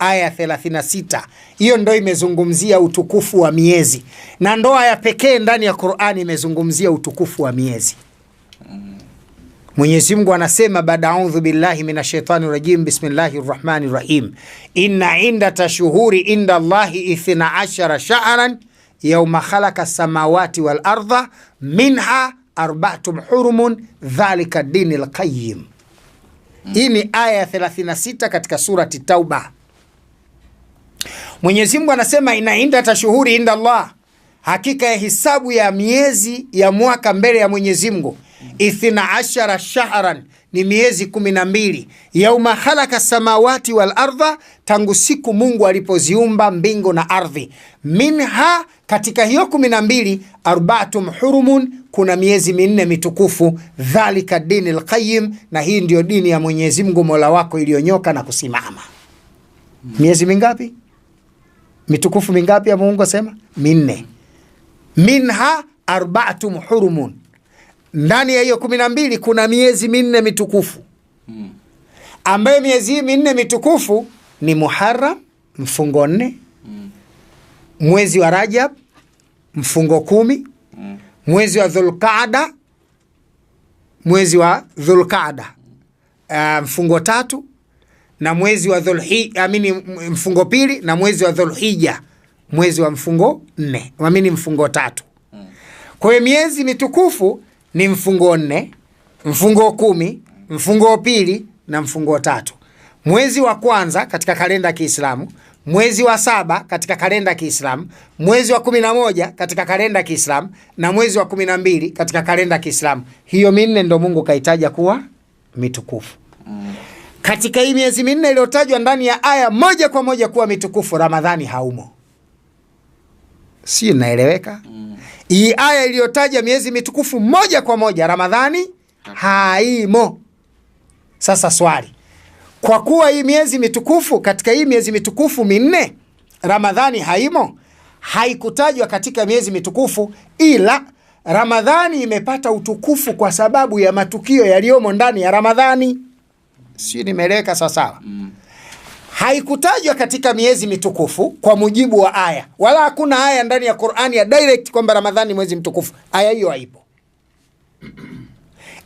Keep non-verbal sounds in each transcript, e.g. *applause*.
aya 36. Hiyo ndo imezungumzia utukufu wa miezi, na ndoa ya pekee ndani ya Qur'ani imezungumzia utukufu wa miezi. Mwenyezi Mungu anasema baada audhu billahi minashaitani rajim bismillahi rahmani rahim inna inda tashuhuri inda Allahi ithna ashara shahran yauma khalaqa samawati wal minha arbaatum hurumun dhalika dini lqayim. Hii ni aya ya 36 katika surati Tauba. Mwenyezi Mungu anasema ina inda tashuhuri inda Allah, hakika ya hisabu ya miezi ya mwaka mbele ya Mwenyezi Mungu ithina ashara shahran ni miezi kumi na mbili yauma khalaka samawati wal ardha, tangu siku Mungu alipoziumba mbingu na ardhi. Minha, katika hiyo kumi na mbili arbaatum hurumun, kuna miezi minne mitukufu. Dhalika dini lqayim, na hii ndiyo dini ya Mwenyezi Mungu mola wako iliyonyoka na kusimama. Miezi mingapi? mitukufu mingapi ya Mungu asema? Minne. Minha arbaatum hurumun, ndani ya hiyo kumi na mbili kuna miezi minne mitukufu hmm. ambayo miezi hii minne mitukufu ni Muharram mfungo nne hmm. mwezi wa Rajab mfungo kumi hmm. mwezi wa Dhulqaada mwezi wa Dhulqaada uh, mfungo tatu na mwezi wa Dhulhijja, amini mfungo pili na mwezi wa Dhulhija mwezi wa mfungo nne, amini mfungo tatu. Kwa hiyo miezi mitukufu ni mfungo nne, mfungo kumi, mfungo pili na mfungo tatu. Mwezi wa kwanza katika kalenda ya Kiislamu, mwezi wa saba katika kalenda ya Kiislamu, mwezi wa kumi na moja katika kalenda ya Kiislamu na mwezi wa kumi na mbili katika kalenda ya Kiislamu. Hiyo minne ndo Mungu kaitaja kuwa mitukufu katika hii miezi minne iliyotajwa ndani ya aya moja kwa moja kuwa mitukufu, Ramadhani haumo. Si inaeleweka? Mm. Hii aya iliyotaja miezi mitukufu moja kwa moja Ramadhani haimo. Sasa swali, kwa kuwa hii miezi mitukufu, katika hii miezi mitukufu minne Ramadhani haimo, haikutajwa katika miezi mitukufu, ila Ramadhani imepata utukufu kwa sababu ya matukio yaliyomo ndani ya Ramadhani sio nimeleka sawa sawa mm. haikutajwa katika miezi mitukufu kwa mujibu wa aya wala hakuna aya ndani ya qurani ya direct kwamba ramadhani mwezi mtukufu aya hiyo haipo *clears throat*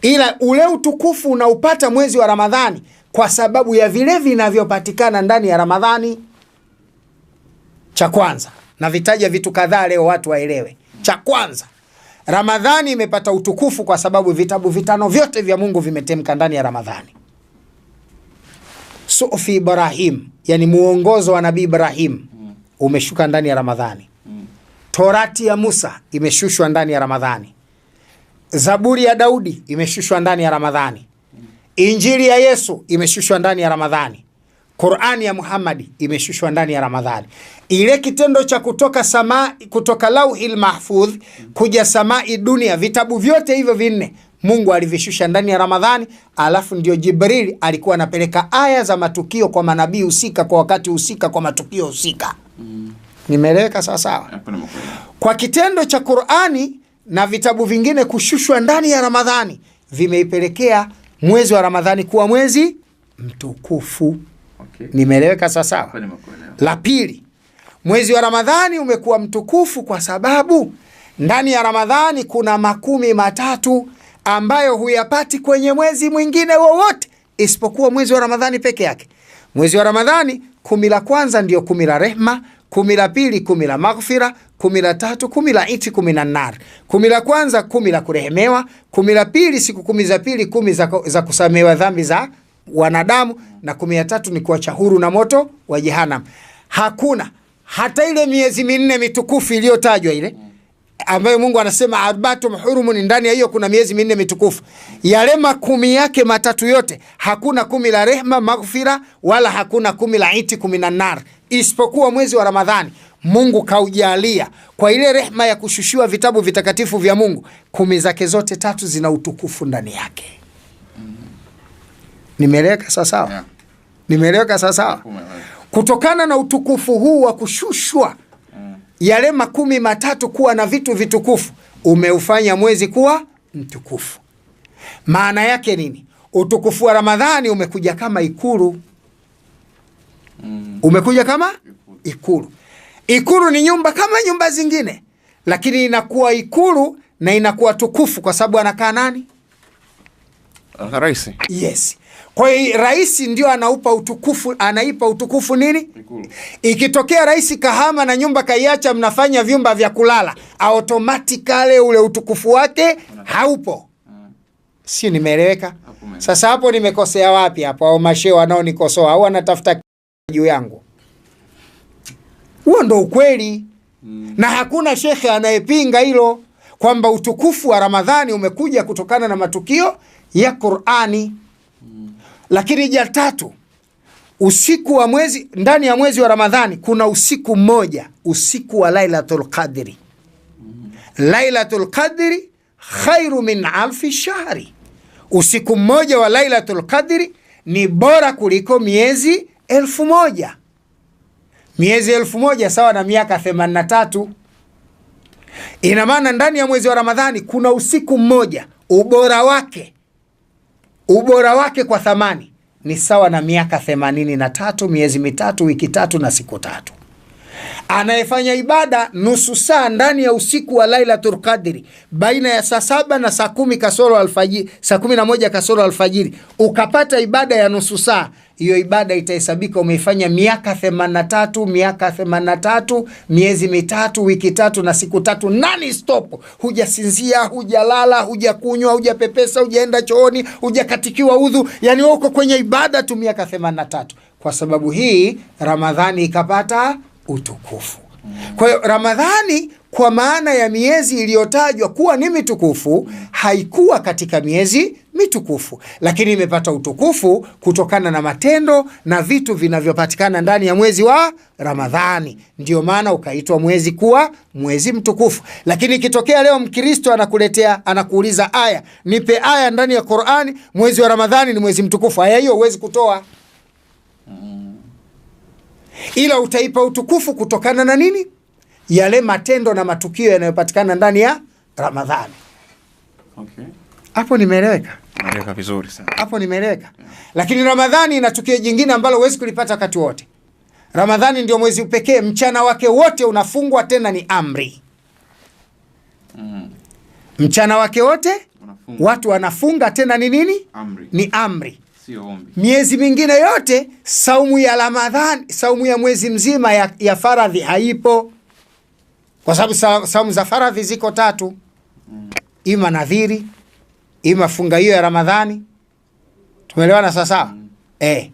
ila ule utukufu unaupata mwezi wa ramadhani kwa sababu ya vile vinavyopatikana ndani ya ramadhani cha kwanza na vitaja vitu kadhaa leo watu waelewe cha kwanza ramadhani imepata utukufu kwa sababu vitabu vitano vyote vya mungu vimetemka ndani ya ramadhani sufi Ibrahim, yani muongozo wa Nabii Ibrahim umeshuka ndani ya Ramadhani. Torati ya Musa imeshushwa ndani ya Ramadhani. Zaburi ya Daudi imeshushwa ndani ya Ramadhani. Injili ya Yesu imeshushwa ndani ya Ramadhani. Qurani ya Muhammadi imeshushwa ndani ya Ramadhani. Ile kitendo cha kutoka sama, kutoka lauhil mahfudh kuja samai dunia, vitabu vyote hivyo vinne Mungu alivishusha ndani ya Ramadhani, alafu ndio Jibril alikuwa anapeleka aya za matukio kwa manabii husika kwa wakati husika kwa matukio husika. Mm. Nimeeleweka sawa sawa? Kwa kitendo cha Qur'ani na vitabu vingine kushushwa ndani ya Ramadhani vimeipelekea mwezi wa Ramadhani kuwa mwezi mtukufu. Okay. Nimeeleweka sawa sawa? La pili, mwezi wa Ramadhani umekuwa mtukufu kwa sababu ndani ya Ramadhani kuna makumi matatu ambayo huyapati kwenye mwezi mwingine wowote isipokuwa mwezi wa Ramadhani peke yake. Mwezi wa Ramadhani kumi la kwanza ndio kumi la rehma, kumi la pili kumi la maghfira, kumi la tatu kumi la iti, kumi na nar. Kumi la kwanza kumi la kurehemewa, kumi la pili siku kumi za pili kumi za, za kusamehewa dhambi za wanadamu, na kumi ya tatu ni kuacha huru na moto wa Jehanam. Hakuna hata ile miezi minne mitukufu iliyotajwa ile mm ambayo Mungu anasema arbatum ni ndani ya hiyo kuna miezi minne mitukufu. Yale makumi yake matatu yote, hakuna kumi la rehma maghfira, wala hakuna kumi la kumi na nar, isipokuwa mwezi wa Ramadhani. Mungu kaujalia kwa ile rehma ya kushushiwa vitabu vitakatifu vya Mungu, kumi zake zote tatu zina utukufu ndani yake. Nimeeleweka sawasawa? Nimeeleweka sawasawa? Kutokana na utukufu huu wa kushushwa yale makumi matatu kuwa na vitu vitukufu, umeufanya mwezi kuwa mtukufu. Maana yake nini? Utukufu wa Ramadhani umekuja kama ikulu, mm. umekuja kama ikulu. Ikulu ni nyumba kama nyumba zingine, lakini inakuwa ikulu na inakuwa tukufu kwa sababu anakaa nani? Yes. Kwa hiyo rais ndio anaupa utukufu, anaipa utukufu nini? Ikulu. Ikitokea rais kahama na nyumba kaiacha, mnafanya vyumba vya kulala, automatically ule utukufu wake haupo. Si nimeeleweka? Sasa hapo nimekosea wapi? Hapo au mashe wanaonikosoa au wanatafuta juu yangu? Huo ndo ukweli hmm. Na hakuna shekhe anayepinga hilo kwamba utukufu wa Ramadhani umekuja kutokana na matukio ya Qur'ani mm. Lakini ja tatu, usiku wa mwezi ndani ya mwezi wa Ramadhani kuna usiku mmoja, usiku wa Lailatul lqadri Lailatul Qadri khairu min alfi shahri, usiku mmoja wa Lailatul ni bora kuliko miezi elfu moja. Miezi elfu moja sawa na miaka 83. Ina maana ndani ya mwezi wa Ramadhani kuna usiku mmoja ubora wake ubora wake kwa thamani ni sawa na miaka themanini na tatu, miezi mitatu, wiki tatu na siku tatu anayefanya ibada nusu saa ndani ya usiku wa Lailatul Qadri baina ya saa saba na saa kumi kasoro alfajiri, saa kumi na moja kasoro alfajiri, ukapata ibada ya nusu saa, hiyo ibada itahesabika umeifanya miaka 83, miaka 83, miezi mitatu, wiki tatu na siku tatu, nani stop, hujasinzia, hujalala, hujakunywa, hujapepesa, hujaenda chooni, hujakatikiwa udhu, yani uko kwenye ibada tu miaka 83. Kwa sababu hii Ramadhani ikapata utukufu. Kwa hiyo Ramadhani kwa maana ya miezi iliyotajwa kuwa ni mitukufu haikuwa katika miezi mitukufu, lakini imepata utukufu kutokana na matendo na vitu vinavyopatikana ndani ya mwezi wa Ramadhani. ndio maana ukaitwa mwezi kuwa mwezi mtukufu. Lakini ikitokea leo Mkristo anakuletea anakuuliza, aya nipe aya ndani ya Qur'ani, mwezi wa Ramadhani ni mwezi mtukufu, aya hiyo huwezi kutoa ila utaipa utukufu kutokana na nini? Yale matendo na matukio yanayopatikana ndani ya Ramadhani. Okay. Hapo nimeeleweka? vizuri sana. Hapo nimeeleweka. Yeah. Lakini Ramadhani ina tukio jingine ambalo huwezi kulipata wakati wote. Ramadhani ndio mwezi upekee mchana wake wote unafungwa, tena ni amri. Mm. Mchana wake wote watu wanafunga, tena ni nini? Amri. Ni amri. Miezi mingine yote saumu ya Ramadhani, saumu ya mwezi mzima ya, ya faradhi haipo, kwa sababu saumu za faradhi ziko tatu mm. ima nadhiri, ima funga hiyo ya Ramadhani. Tumeelewana sawasawa mm. eh.